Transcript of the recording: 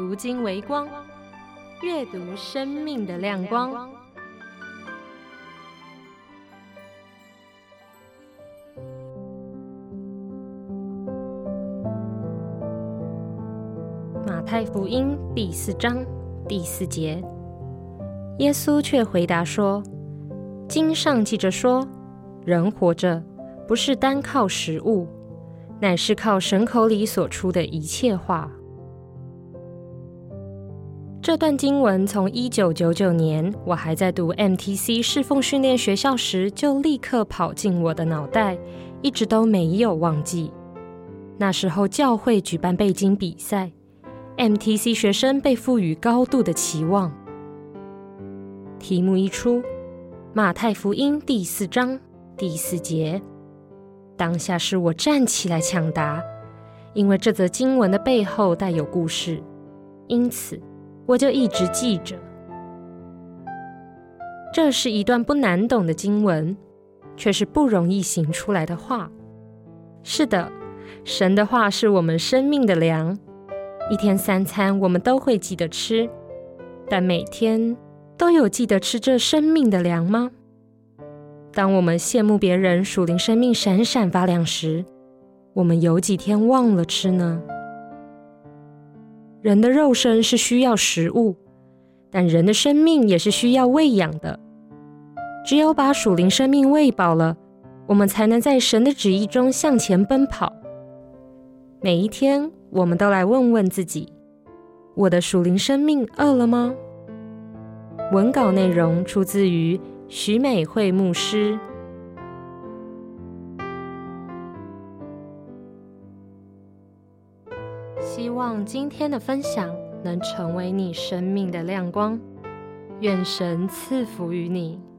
讀經微光，閱讀生命的亮光。馬太福音第四章第四節，耶穌卻回答說：“經上記着說，人活着不是單靠食物，乃是靠神口裡所出的一切話。”這段經文從一九九九年，我還在讀 MTC 侍奉訓練學校時，就立刻跑進我的腦袋，一直都沒有忘記。那時候教會舉辦背經比賽，MTC 學生被賦予高度的期望。題目一出，《馬太福音》第四章第四節，當下是我站起來搶答，因為這則經文的背後帶有故事，因此，我就一直記着，這是一段不難懂的經文，卻是不容易行出來的話。是的，神的話是我們生命的糧，一天三餐我們都會記得吃。但每天都有記得吃這生命的糧嗎？當我們羨慕別人屬靈生命閃閃發亮時，我們有幾天忘了吃呢？人的肉身是需要食物，但人的生命也是需要餵養的。只有把屬靈生命餵飽了，我們才能在神的旨意中向前奔跑。每一天，我們都來問問自己：我的屬靈生命餓了嗎？文稿內容出自於許美惠牧師。希望今天的分享能成為你生命的亮光，願神賜福於你。